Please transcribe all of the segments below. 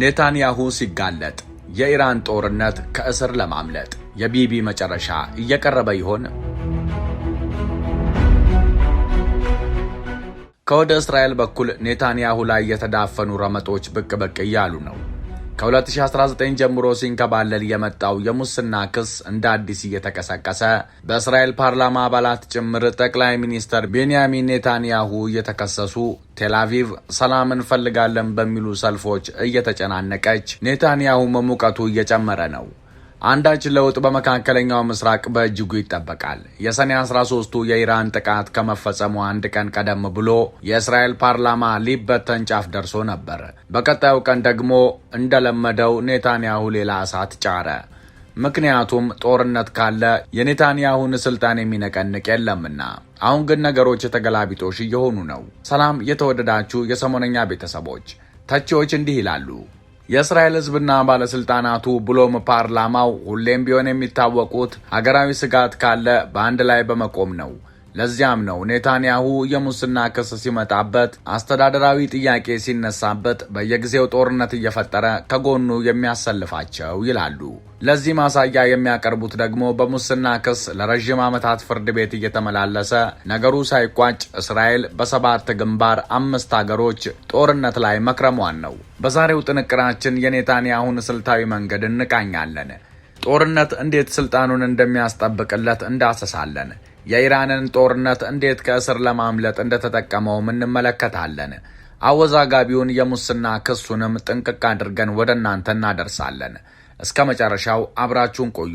ኔታንያሁ ሲጋለጥ የኢራን ጦርነት ከእስር ለማምለጥ የቢቢ መጨረሻ እየቀረበ ይሆን? ከወደ እስራኤል በኩል ኔታንያሁ ላይ የተዳፈኑ ረመጦች ብቅ ብቅ እያሉ ነው። ከ2019 ጀምሮ ሲንከባለል የመጣው የሙስና ክስ እንደ አዲስ እየተቀሰቀሰ በእስራኤል ፓርላማ አባላት ጭምር ጠቅላይ ሚኒስትር ቤንያሚን ኔታንያሁ እየተከሰሱ ቴላቪቭ ሰላም እንፈልጋለን በሚሉ ሰልፎች እየተጨናነቀች፣ ኔታንያሁም ሙቀቱ እየጨመረ ነው። አንዳች ለውጥ በመካከለኛው ምስራቅ በእጅጉ ይጠበቃል። የሰኔ 13ቱ የኢራን ጥቃት ከመፈጸሙ አንድ ቀን ቀደም ብሎ የእስራኤል ፓርላማ ሊበተን ጫፍ ደርሶ ነበር። በቀጣዩ ቀን ደግሞ እንደለመደው ኔታንያሁ ሌላ እሳት ጫረ። ምክንያቱም ጦርነት ካለ የኔታንያሁን ስልጣን የሚነቀንቅ የለምና። አሁን ግን ነገሮች የተገላቢጦሽ እየሆኑ ነው። ሰላም የተወደዳችሁ የሰሞነኛ ቤተሰቦች፣ ተቺዎች እንዲህ ይላሉ የእስራኤል ህዝብና ባለስልጣናቱ ብሎም ፓርላማው ሁሌም ቢሆን የሚታወቁት ሀገራዊ ስጋት ካለ በአንድ ላይ በመቆም ነው። ለዚያም ነው ኔታንያሁ የሙስና ክስ ሲመጣበት፣ አስተዳደራዊ ጥያቄ ሲነሳበት በየጊዜው ጦርነት እየፈጠረ ከጎኑ የሚያሰልፋቸው ይላሉ። ለዚህ ማሳያ የሚያቀርቡት ደግሞ በሙስና ክስ ለረዥም ዓመታት ፍርድ ቤት እየተመላለሰ ነገሩ ሳይቋጭ እስራኤል በሰባት ግንባር አምስት አገሮች ጦርነት ላይ መክረሟን ነው። በዛሬው ጥንቅራችን የኔታንያሁን ስልታዊ መንገድ እንቃኛለን። ጦርነት እንዴት ስልጣኑን እንደሚያስጠብቅለት እንዳሰሳለን። የኢራንን ጦርነት እንዴት ከእስር ለማምለጥ እንደተጠቀመውም እንመለከታለን። አወዛጋቢውን የሙስና ክሱንም ጥንቅቅ አድርገን ወደ እናንተ እናደርሳለን። እስከ መጨረሻው አብራችሁን ቆዩ።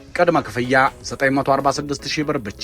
ቅድመ ክፍያ 946 ብር ብቻ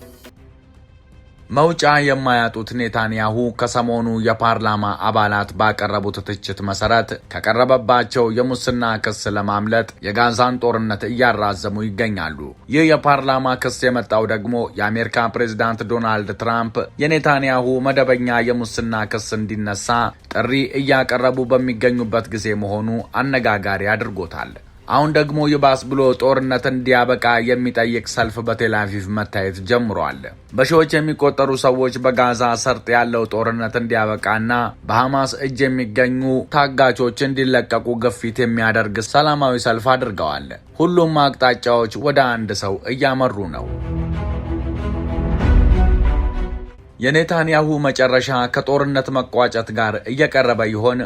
መውጫ የማያጡት ኔታንያሁ ከሰሞኑ የፓርላማ አባላት ባቀረቡት ትችት መሰረት ከቀረበባቸው የሙስና ክስ ለማምለጥ የጋዛን ጦርነት እያራዘሙ ይገኛሉ። ይህ የፓርላማ ክስ የመጣው ደግሞ የአሜሪካ ፕሬዚዳንት ዶናልድ ትራምፕ የኔታንያሁ መደበኛ የሙስና ክስ እንዲነሳ ጥሪ እያቀረቡ በሚገኙበት ጊዜ መሆኑ አነጋጋሪ አድርጎታል። አሁን ደግሞ ይባስ ብሎ ጦርነት እንዲያበቃ የሚጠይቅ ሰልፍ በቴልአቪቭ መታየት ጀምሯል። በሺዎች የሚቆጠሩ ሰዎች በጋዛ ሰርጥ ያለው ጦርነት እንዲያበቃና በሐማስ እጅ የሚገኙ ታጋቾች እንዲለቀቁ ግፊት የሚያደርግ ሰላማዊ ሰልፍ አድርገዋል። ሁሉም አቅጣጫዎች ወደ አንድ ሰው እያመሩ ነው። የኔታንያሁ መጨረሻ ከጦርነት መቋጨት ጋር እየቀረበ ይሆን?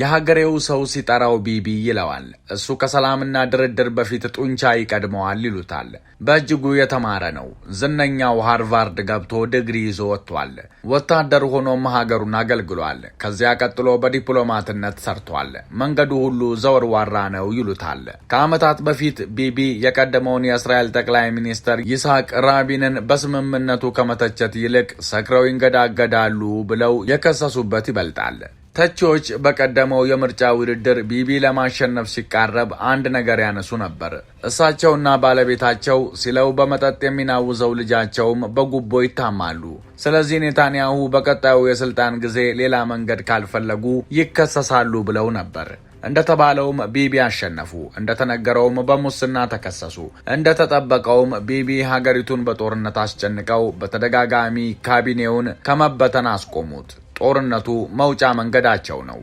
የሀገሬው ሰው ሲጠራው ቢቢ ይለዋል። እሱ ከሰላምና ድርድር በፊት ጡንቻ ይቀድመዋል ይሉታል። በእጅጉ የተማረ ነው። ዝነኛው ሃርቫርድ ገብቶ ድግሪ ይዞ ወጥቷል። ወታደር ሆኖም ሀገሩን አገልግሏል። ከዚያ ቀጥሎ በዲፕሎማትነት ሰርቷል። መንገዱ ሁሉ ዘወርዋራ ነው ይሉታል። ከዓመታት በፊት ቢቢ የቀደመውን የእስራኤል ጠቅላይ ሚኒስትር ይስሐቅ ራቢንን በስምምነቱ ከመተቸት ይልቅ ሰክረው ይንገዳገዳሉ ብለው የከሰሱበት ይበልጣል። ተቺዎች በቀደመው የምርጫ ውድድር ቢቢ ለማሸነፍ ሲቃረብ አንድ ነገር ያነሱ ነበር። እሳቸውና ባለቤታቸው ሲለው በመጠጥ የሚናውዘው ልጃቸውም በጉቦ ይታማሉ። ስለዚህ ኔታንያሁ በቀጣዩ የስልጣን ጊዜ ሌላ መንገድ ካልፈለጉ ይከሰሳሉ ብለው ነበር። እንደተባለውም ቢቢ አሸነፉ። እንደተነገረውም በሙስና ተከሰሱ። እንደተጠበቀውም ቢቢ ሀገሪቱን በጦርነት አስጨንቀው በተደጋጋሚ ካቢኔውን ከመበተን አስቆሙት። ጦርነቱ መውጫ መንገዳቸው ነው።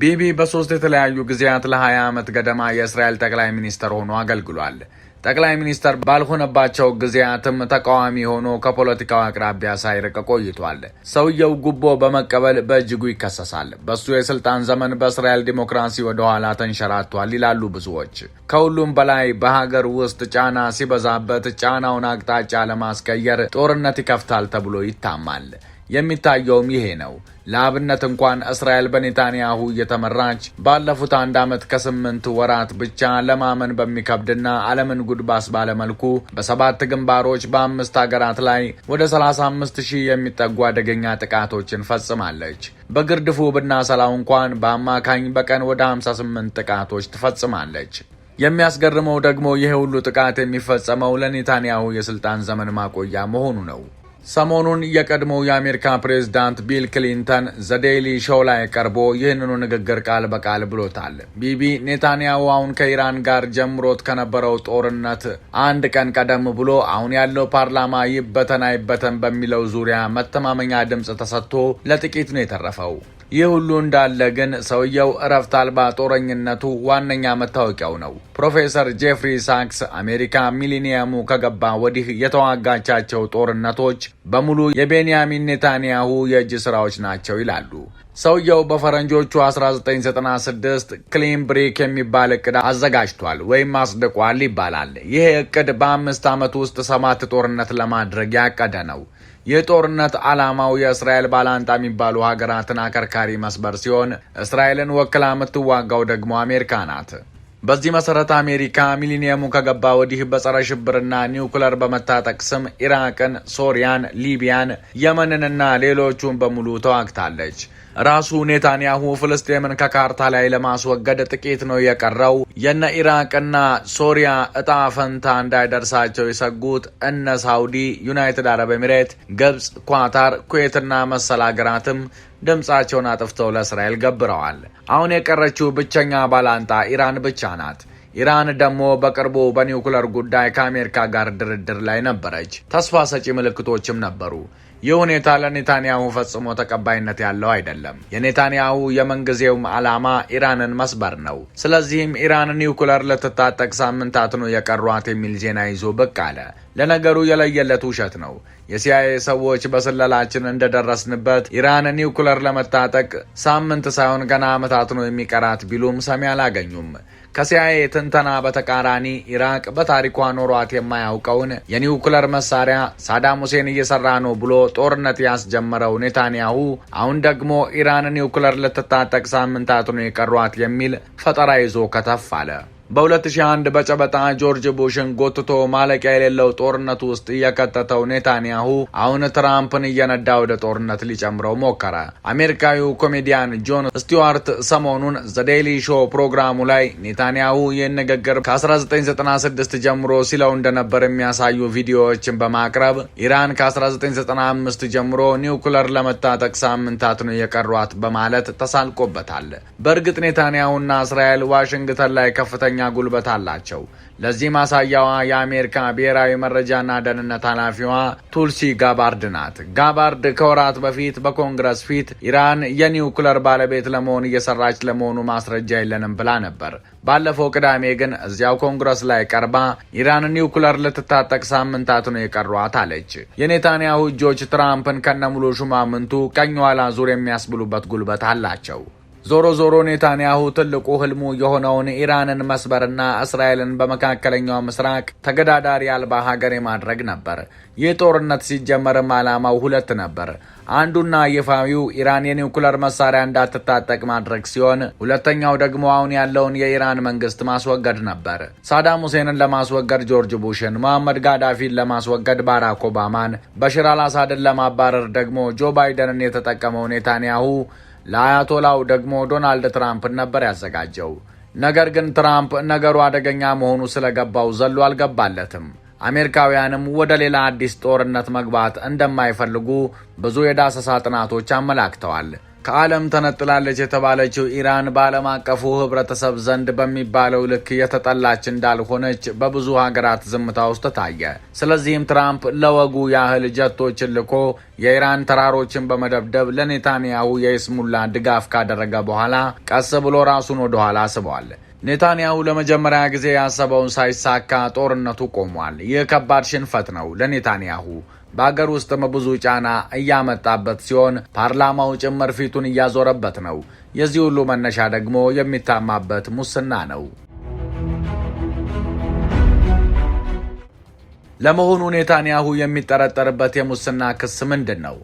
ቢቢ በሶስት የተለያዩ ጊዜያት ለ20 ዓመት ገደማ የእስራኤል ጠቅላይ ሚኒስትር ሆኖ አገልግሏል። ጠቅላይ ሚኒስትር ባልሆነባቸው ጊዜያትም ተቃዋሚ ሆኖ ከፖለቲካው አቅራቢያ ሳይርቅ ቆይቷል። ሰውየው ጉቦ በመቀበል በእጅጉ ይከሰሳል። በሱ የስልጣን ዘመን በእስራኤል ዲሞክራሲ ወደ ኋላ ተንሸራቷል ይላሉ ብዙዎች። ከሁሉም በላይ በሀገር ውስጥ ጫና ሲበዛበት ጫናውን አቅጣጫ ለማስቀየር ጦርነት ይከፍታል ተብሎ ይታማል። የሚታየውም ይሄ ነው። ለአብነት እንኳን እስራኤል በኔታንያሁ እየተመራች ባለፉት አንድ ዓመት ከስምንት ወራት ብቻ ለማመን በሚከብድና ዓለምን ጉድ ባስ ባለመልኩ በሰባት ግንባሮች በአምስት አገራት ላይ ወደ 35 ሺህ የሚጠጉ አደገኛ ጥቃቶችን ፈጽማለች። በግርድፉ ብናሰላው እንኳን በአማካኝ በቀን ወደ 58 ጥቃቶች ትፈጽማለች። የሚያስገርመው ደግሞ ይሄ ሁሉ ጥቃት የሚፈጸመው ለኔታንያሁ የስልጣን ዘመን ማቆያ መሆኑ ነው። ሰሞኑን የቀድሞው የአሜሪካ ፕሬዝዳንት ቢል ክሊንተን ዘዴይሊ ሾው ላይ ቀርቦ ይህንኑ ንግግር ቃል በቃል ብሎታል። ቢቢ ኔታንያሁ አሁን ከኢራን ጋር ጀምሮት ከነበረው ጦርነት አንድ ቀን ቀደም ብሎ አሁን ያለው ፓርላማ ይበተን አይበተን በሚለው ዙሪያ መተማመኛ ድምፅ ተሰጥቶ ለጥቂት ነው የተረፈው። ይህ ሁሉ እንዳለ ግን ሰውየው እረፍት አልባ ጦረኝነቱ ዋነኛ መታወቂያው ነው። ፕሮፌሰር ጄፍሪ ሳክስ አሜሪካ ሚሊኒየሙ ከገባ ወዲህ የተዋጋቻቸው ጦርነቶች በሙሉ የቤንያሚን ኔታንያሁ የእጅ ስራዎች ናቸው ይላሉ። ሰውየው በፈረንጆቹ 1996 ክሊን ብሪክ የሚባል እቅድ አዘጋጅቷል ወይም አጽድቋል ይባላል። ይህ እቅድ በአምስት ዓመት ውስጥ ሰባት ጦርነት ለማድረግ ያቀደ ነው። የጦርነት ዓላማው የእስራኤል ባላንጣ የሚባሉ ሀገራትን አከርካሪ መስበር ሲሆን እስራኤልን ወክላ የምትዋጋው ደግሞ አሜሪካ ናት። በዚህ መሰረት አሜሪካ ሚሊኒየሙ ከገባ ወዲህ በጸረ ሽብርና ኒውክለር በመታጠቅ ስም ኢራቅን፣ ሶሪያን፣ ሊቢያን፣ የመንንና ሌሎቹን በሙሉ ተዋግታለች። ራሱ ኔታንያሁ ፍልስጤምን ከካርታ ላይ ለማስወገድ ጥቂት ነው የቀረው። የነ ኢራቅና ሶሪያ እጣ ፈንታ እንዳይደርሳቸው የሰጉት እነ ሳውዲ፣ ዩናይትድ አረብ ኤሚሬት፣ ግብፅ፣ ኳታር፣ ኩዌትና መሰል ሀገራትም ድምፃቸውን አጥፍተው ለእስራኤል ገብረዋል። አሁን የቀረችው ብቸኛ ባላንጣ ኢራን ብቻ ናት። ኢራን ደግሞ በቅርቡ በኒውክለር ጉዳይ ከአሜሪካ ጋር ድርድር ላይ ነበረች። ተስፋ ሰጪ ምልክቶችም ነበሩ። ይህ ሁኔታ ለኔታንያሁ ፈጽሞ ተቀባይነት ያለው አይደለም። የኔታንያሁ የምንጊዜውም ዓላማ ኢራንን መስበር ነው። ስለዚህም ኢራን ኒውክለር ልትታጠቅ ሳምንታት ነው የቀሯት የሚል ዜና ይዞ ብቅ አለ። ለነገሩ የለየለት ውሸት ነው። የሲአይኤ ሰዎች በስለላችን እንደደረስንበት ኢራን ኒውክለር ለመታጠቅ ሳምንት ሳይሆን ገና ዓመታት ነው የሚቀራት ቢሉም ሰሚ አላገኙም። ከሲያይ ትንተና በተቃራኒ ኢራቅ በታሪኳ ኖሯት የማያውቀውን የኒውክለር መሳሪያ ሳዳም ሁሴን እየሰራ ነው ብሎ ጦርነት ያስጀመረው ኔታንያሁ አሁን ደግሞ ኢራን ኒውክለር ልትታጠቅ ሳምንታት ነው የቀሯት የሚል ፈጠራ ይዞ ከተፍ አለ። በ2001 በጨበጣ ጆርጅ ቡሽን ጎትቶ ማለቂያ የሌለው ጦርነት ውስጥ እየከተተው ኔታንያሁ አሁን ትራምፕን እየነዳ ወደ ጦርነት ሊጨምረው ሞከረ። አሜሪካዊው ኮሜዲያን ጆን ስቲዋርት ሰሞኑን ዘዴይሊ ሾው ፕሮግራሙ ላይ ኔታንያሁ ይህን ንግግር ከ1996 ጀምሮ ሲለው እንደነበር የሚያሳዩ ቪዲዮዎችን በማቅረብ ኢራን ከ1995 ጀምሮ ኒውክለር ለመታጠቅ ሳምንታት ነው የቀሯት በማለት ተሳልቆበታል። በእርግጥ ኔታንያሁና እስራኤል ዋሽንግተን ላይ ከፍተኛ ጉልበት አላቸው። ለዚህ ማሳያዋ የአሜሪካ ብሔራዊ መረጃና ደህንነት ኃላፊዋ ቱልሲ ጋባርድ ናት። ጋባርድ ከወራት በፊት በኮንግረስ ፊት ኢራን የኒውክለር ባለቤት ለመሆን እየሰራች ለመሆኑ ማስረጃ የለንም ብላ ነበር። ባለፈው ቅዳሜ ግን እዚያው ኮንግረስ ላይ ቀርባ ኢራን ኒውክለር ልትታጠቅ ሳምንታት ነው የቀሯት አለች። የኔታንያሁ እጆች ትራምፕን ከነሙሉ ሹማምንቱ ቀኝ ኋላ ዙር የሚያስብሉበት ጉልበት አላቸው። ዞሮ ዞሮ ኔታንያሁ ትልቁ ህልሙ የሆነውን ኢራንን መስበርና እስራኤልን በመካከለኛው ምስራቅ ተገዳዳሪ አልባ ሀገር የማድረግ ነበር። ይህ ጦርነት ሲጀመርም ዓላማው ሁለት ነበር። አንዱና ይፋዊው ኢራን የኒውክለር መሳሪያ እንዳትታጠቅ ማድረግ ሲሆን፣ ሁለተኛው ደግሞ አሁን ያለውን የኢራን መንግስት ማስወገድ ነበር። ሳዳም ሁሴንን ለማስወገድ ጆርጅ ቡሽን፣ መሐመድ ጋዳፊን ለማስወገድ ባራክ ኦባማን፣ በሽር አልአሳድን ለማባረር ደግሞ ጆ ባይደንን የተጠቀመው ኔታንያሁ ለአያቶላው ደግሞ ዶናልድ ትራምፕን ነበር ያዘጋጀው። ነገር ግን ትራምፕ ነገሩ አደገኛ መሆኑ ስለገባው ዘሎ አልገባለትም። አሜሪካውያንም ወደ ሌላ አዲስ ጦርነት መግባት እንደማይፈልጉ ብዙ የዳሰሳ ጥናቶች አመላክተዋል። ከዓለም ተነጥላለች የተባለችው ኢራን በዓለም አቀፉ ህብረተሰብ ዘንድ በሚባለው ልክ የተጠላች እንዳልሆነች በብዙ ሀገራት ዝምታ ውስጥ ታየ። ስለዚህም ትራምፕ ለወጉ ያህል ጀቶችን ልኮ የኢራን ተራሮችን በመደብደብ ለኔታንያሁ የይስሙላ ድጋፍ ካደረገ በኋላ ቀስ ብሎ ራሱን ወደኋላ ስቧል። ኔታንያሁ ለመጀመሪያ ጊዜ ያሰበውን ሳይሳካ ጦርነቱ ቆሟል። ይህ ከባድ ሽንፈት ነው ለኔታንያሁ በአገር ውስጥም ብዙ ጫና እያመጣበት ሲሆን ፓርላማው ጭምር ፊቱን እያዞረበት ነው። የዚህ ሁሉ መነሻ ደግሞ የሚታማበት ሙስና ነው። ለመሆኑ ኔታንያሁ የሚጠረጠርበት የሙስና ክስ ምንድን ነው?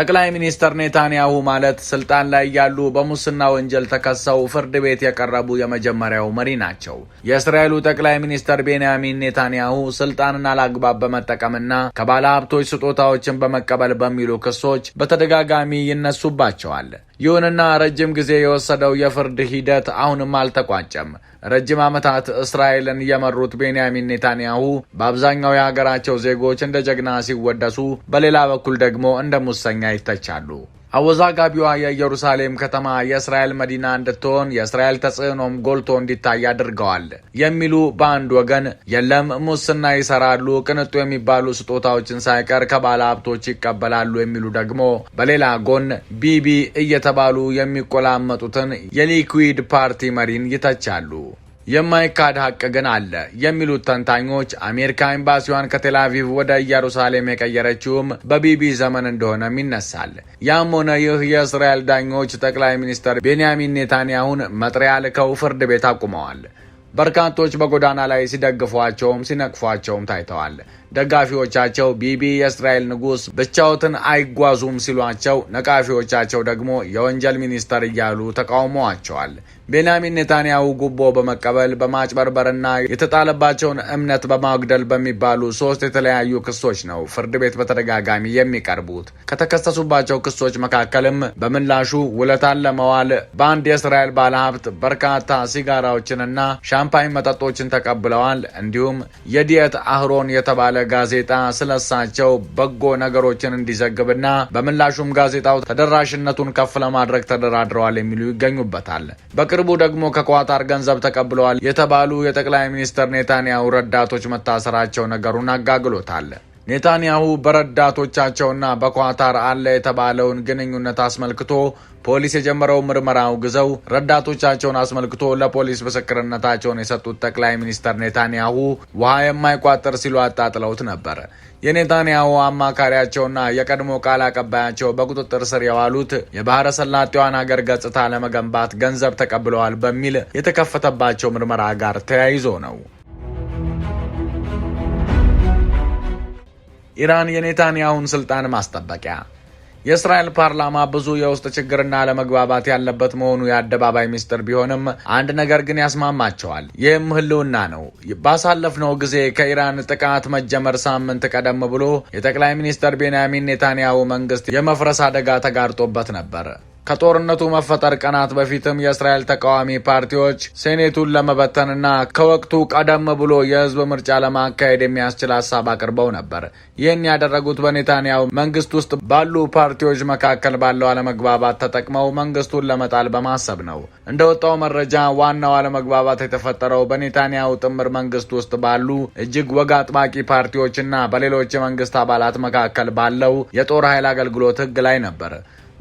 ጠቅላይ ሚኒስትር ኔታንያሁ ማለት ስልጣን ላይ ያሉ በሙስና ወንጀል ተከሰው ፍርድ ቤት የቀረቡ የመጀመሪያው መሪ ናቸው። የእስራኤሉ ጠቅላይ ሚኒስትር ቤንያሚን ኔታንያሁ ስልጣንን አላግባብ በመጠቀምና ከባለ ሀብቶች ስጦታዎችን በመቀበል በሚሉ ክሶች በተደጋጋሚ ይነሱባቸዋል። ይሁንና ረጅም ጊዜ የወሰደው የፍርድ ሂደት አሁንም አልተቋጨም። ረጅም ዓመታት እስራኤልን የመሩት ቤንያሚን ኔታንያሁ በአብዛኛው የሀገራቸው ዜጎች እንደ ጀግና ሲወደሱ፣ በሌላ በኩል ደግሞ እንደ ሙሰኛ ይተቻሉ። አወዛጋቢዋ የኢየሩሳሌም ከተማ የእስራኤል መዲና እንድትሆን የእስራኤል ተጽዕኖም ጎልቶ እንዲታይ አድርገዋል የሚሉ በአንድ ወገን የለም ሙስና ይሰራሉ፣ ቅንጡ የሚባሉ ስጦታዎችን ሳይቀር ከባለ ሀብቶች ይቀበላሉ የሚሉ ደግሞ በሌላ ጎን ቢቢ እየተባሉ የሚቆላመጡትን የሊኩዊድ ፓርቲ መሪን ይተቻሉ። የማይካድ ሀቅ ግን አለ የሚሉት ተንታኞች አሜሪካ ኤምባሲዋን ከቴላቪቭ ወደ ኢየሩሳሌም የቀየረችውም በቢቢ ዘመን እንደሆነም ይነሳል። ያም ሆነ ይህ የእስራኤል ዳኞች ጠቅላይ ሚኒስትር ቤንያሚን ኔታንያሁን መጥሪያ ልከው ፍርድ ቤት አቁመዋል። በርካቶች በጎዳና ላይ ሲደግፏቸውም ሲነቅፏቸውም ታይተዋል። ደጋፊዎቻቸው ቢቢ የእስራኤል ንጉሥ ብቻዎትን አይጓዙም ሲሏቸው፣ ነቃፊዎቻቸው ደግሞ የወንጀል ሚኒስተር እያሉ ተቃውመዋቸዋል። ቤንያሚን ኔታንያሁ ጉቦ በመቀበል በማጭበርበርና የተጣለባቸውን እምነት በማጉደል በሚባሉ ሶስት የተለያዩ ክሶች ነው ፍርድ ቤት በተደጋጋሚ የሚቀርቡት። ከተከሰሱባቸው ክሶች መካከልም በምላሹ ውለታን ለመዋል በአንድ የእስራኤል ባለሀብት በርካታ ሲጋራዎችንና ሻምፓኝ መጠጦችን ተቀብለዋል እንዲሁም የዲየት አህሮን የተባለ ጋዜጣ ስለሳቸው በጎ ነገሮችን እንዲዘግብና በምላሹም ጋዜጣው ተደራሽነቱን ከፍ ለማድረግ ተደራድረዋል የሚሉ ይገኙበታል። በቅርቡ ደግሞ ከኳታር ገንዘብ ተቀብለዋል የተባሉ የጠቅላይ ሚኒስትር ኔታንያሁ ረዳቶች መታሰራቸው ነገሩን አጋግሎታል። ኔታንያሁ በረዳቶቻቸውና በኳታር አለ የተባለውን ግንኙነት አስመልክቶ ፖሊስ የጀመረው ምርመራ አውግዘው ረዳቶቻቸውን አስመልክቶ ለፖሊስ ምስክርነታቸውን የሰጡት ጠቅላይ ሚኒስተር ኔታንያሁ ውሃ የማይቋጠር ሲሉ አጣጥለውት ነበር። የኔታንያሁ አማካሪያቸውና የቀድሞ ቃል አቀባያቸው በቁጥጥር ስር የዋሉት የባህረ ሰላጤዋን ሀገር ገጽታ ለመገንባት ገንዘብ ተቀብለዋል በሚል የተከፈተባቸው ምርመራ ጋር ተያይዞ ነው። ኢራን የኔታንያሁን ስልጣን ማስጠበቂያ። የእስራኤል ፓርላማ ብዙ የውስጥ ችግርና ለመግባባት ያለበት መሆኑ የአደባባይ ሚስጥር ቢሆንም አንድ ነገር ግን ያስማማቸዋል። ይህም ህልውና ነው። ባሳለፍነው ጊዜ ከኢራን ጥቃት መጀመር ሳምንት ቀደም ብሎ የጠቅላይ ሚኒስትር ቤንያሚን ኔታንያሁ መንግስት የመፍረስ አደጋ ተጋርጦበት ነበር። ከጦርነቱ መፈጠር ቀናት በፊትም የእስራኤል ተቃዋሚ ፓርቲዎች ሴኔቱን ለመበተንና ከወቅቱ ቀደም ብሎ የህዝብ ምርጫ ለማካሄድ የሚያስችል ሀሳብ አቅርበው ነበር። ይህን ያደረጉት በኔታንያሁ መንግስት ውስጥ ባሉ ፓርቲዎች መካከል ባለው አለመግባባት ተጠቅመው መንግስቱን ለመጣል በማሰብ ነው። እንደወጣው መረጃ ዋናው አለመግባባት የተፈጠረው በኔታንያሁ ጥምር መንግስት ውስጥ ባሉ እጅግ ወግ አጥባቂ ፓርቲዎችና በሌሎች የመንግስት አባላት መካከል ባለው የጦር ኃይል አገልግሎት ህግ ላይ ነበር።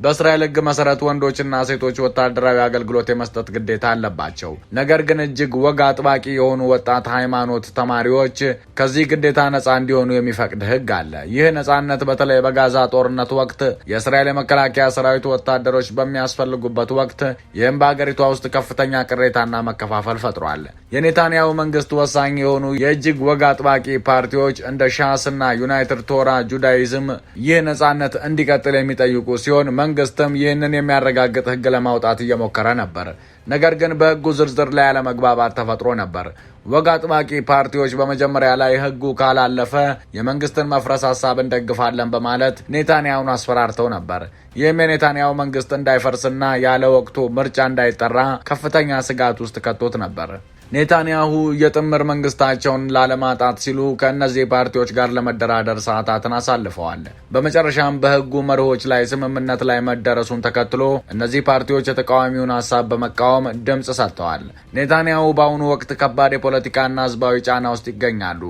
በእስራኤል ሕግ መሰረት ወንዶችና ሴቶች ወታደራዊ አገልግሎት የመስጠት ግዴታ አለባቸው። ነገር ግን እጅግ ወግ አጥባቂ የሆኑ ወጣት ሃይማኖት ተማሪዎች ከዚህ ግዴታ ነጻ እንዲሆኑ የሚፈቅድ ሕግ አለ። ይህ ነጻነት በተለይ በጋዛ ጦርነት ወቅት የእስራኤል የመከላከያ ሰራዊት ወታደሮች በሚያስፈልጉበት ወቅት ይህም በአገሪቷ ውስጥ ከፍተኛ ቅሬታና መከፋፈል ፈጥሯል። የኔታንያሁ መንግስት ወሳኝ የሆኑ የእጅግ ወግ አጥባቂ ፓርቲዎች እንደ ሻስና ዩናይትድ ቶራ ጁዳይዝም ይህ ነጻነት እንዲቀጥል የሚጠይቁ ሲሆን መንግስትም ይህንን የሚያረጋግጥ ህግ ለማውጣት እየሞከረ ነበር። ነገር ግን በህጉ ዝርዝር ላይ አለመግባባት ተፈጥሮ ነበር። ወግ አጥባቂ ፓርቲዎች በመጀመሪያ ላይ ህጉ ካላለፈ የመንግስትን መፍረስ ሀሳብ እንደግፋለን በማለት ኔታንያሁን አስፈራርተው ነበር። ይህም የኔታንያሁ መንግስት እንዳይፈርስና ያለ ወቅቱ ምርጫ እንዳይጠራ ከፍተኛ ስጋት ውስጥ ከቶት ነበር። ኔታንያሁ የጥምር መንግስታቸውን ላለማጣት ሲሉ ከእነዚህ ፓርቲዎች ጋር ለመደራደር ሰዓታትን አሳልፈዋል። በመጨረሻም በህጉ መርሆች ላይ ስምምነት ላይ መደረሱን ተከትሎ እነዚህ ፓርቲዎች የተቃዋሚውን ሀሳብ በመቃወም ድምፅ ሰጥተዋል። ኔታንያሁ በአሁኑ ወቅት ከባድ የፖለቲካና ህዝባዊ ጫና ውስጥ ይገኛሉ።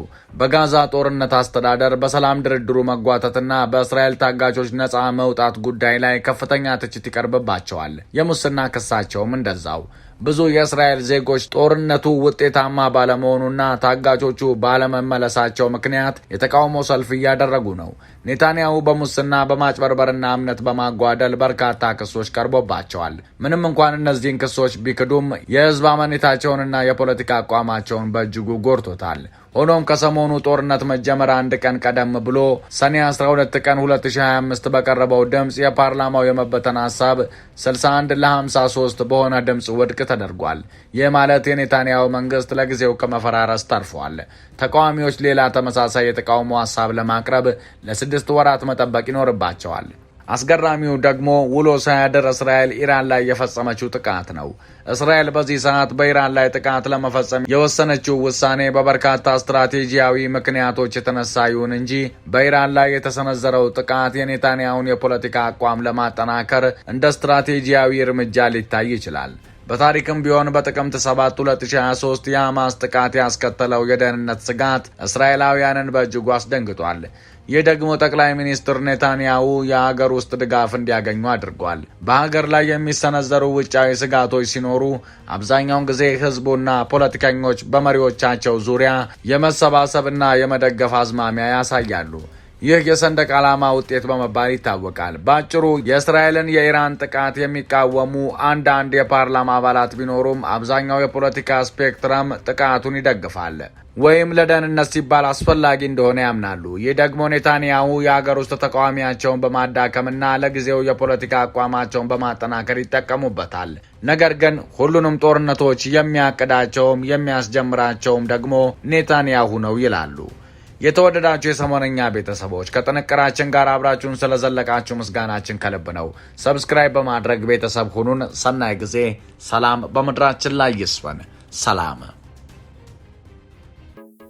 በጋዛ ጦርነት አስተዳደር፣ በሰላም ድርድሩ መጓተትና በእስራኤል ታጋቾች ነፃ መውጣት ጉዳይ ላይ ከፍተኛ ትችት ይቀርብባቸዋል። የሙስና ክሳቸውም እንደዛው ብዙ የእስራኤል ዜጎች ጦርነቱ ውጤታማ ባለመሆኑና ታጋቾቹ ባለመመለሳቸው ምክንያት የተቃውሞ ሰልፍ እያደረጉ ነው። ኔታንያሁ በሙስና በማጭበርበርና እምነት በማጓደል በርካታ ክሶች ቀርቦባቸዋል። ምንም እንኳን እነዚህን ክሶች ቢክዱም የህዝብ አመኔታቸውንና የፖለቲካ አቋማቸውን በእጅጉ ጎድቶታል። ሆኖም ከሰሞኑ ጦርነት መጀመር አንድ ቀን ቀደም ብሎ ሰኔ 12 ቀን 2025 በቀረበው ድምፅ የፓርላማው የመበተን ሀሳብ 61 ለ53 በሆነ ድምፅ ውድቅ ተደርጓል። ይህ ማለት የኔታንያሁ መንግስት ለጊዜው ከመፈራረስ ተርፏል። ተቃዋሚዎች ሌላ ተመሳሳይ የተቃውሞ ሀሳብ ለማቅረብ ለ ስድስት ወራት መጠበቅ ይኖርባቸዋል። አስገራሚው ደግሞ ውሎ ሳያደር እስራኤል ኢራን ላይ የፈጸመችው ጥቃት ነው። እስራኤል በዚህ ሰዓት በኢራን ላይ ጥቃት ለመፈጸም የወሰነችው ውሳኔ በበርካታ ስትራቴጂያዊ ምክንያቶች የተነሳ ይሁን እንጂ በኢራን ላይ የተሰነዘረው ጥቃት የኔታንያሁን የፖለቲካ አቋም ለማጠናከር እንደ ስትራቴጂያዊ እርምጃ ሊታይ ይችላል። በታሪክም ቢሆን በጥቅምት 7 2023 የሐማስ ጥቃት ያስከተለው የደህንነት ስጋት እስራኤላውያንን በእጅጉ አስደንግጧል። ይህ ደግሞ ጠቅላይ ሚኒስትር ኔታንያሁ የሀገር ውስጥ ድጋፍ እንዲያገኙ አድርጓል። በሀገር ላይ የሚሰነዘሩ ውጫዊ ስጋቶች ሲኖሩ አብዛኛውን ጊዜ ህዝቡና ፖለቲከኞች በመሪዎቻቸው ዙሪያ የመሰባሰብና የመደገፍ አዝማሚያ ያሳያሉ። ይህ የሰንደቅ ዓላማ ውጤት በመባል ይታወቃል። በአጭሩ የእስራኤልን የኢራን ጥቃት የሚቃወሙ አንዳንድ የፓርላማ አባላት ቢኖሩም አብዛኛው የፖለቲካ ስፔክትረም ጥቃቱን ይደግፋል ወይም ለደህንነት ሲባል አስፈላጊ እንደሆነ ያምናሉ። ይህ ደግሞ ኔታንያሁ የአገር ውስጥ ተቃዋሚያቸውን በማዳከምና ለጊዜው የፖለቲካ አቋማቸውን በማጠናከር ይጠቀሙበታል። ነገር ግን ሁሉንም ጦርነቶች የሚያቅዳቸውም የሚያስጀምራቸውም ደግሞ ኔታንያሁ ነው ይላሉ። የተወደዳችሁ የሰሞነኛ ቤተሰቦች ከጥንቅራችን ጋር አብራችሁን ስለዘለቃችሁ ምስጋናችን ከልብ ነው። ሰብስክራይብ በማድረግ ቤተሰብ ሁኑን። ሰናይ ጊዜ። ሰላም በምድራችን ላይ ይስፈን። ሰላም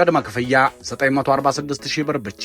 ቅድመ ክፍያ 946 ሺህ ብር ብቻ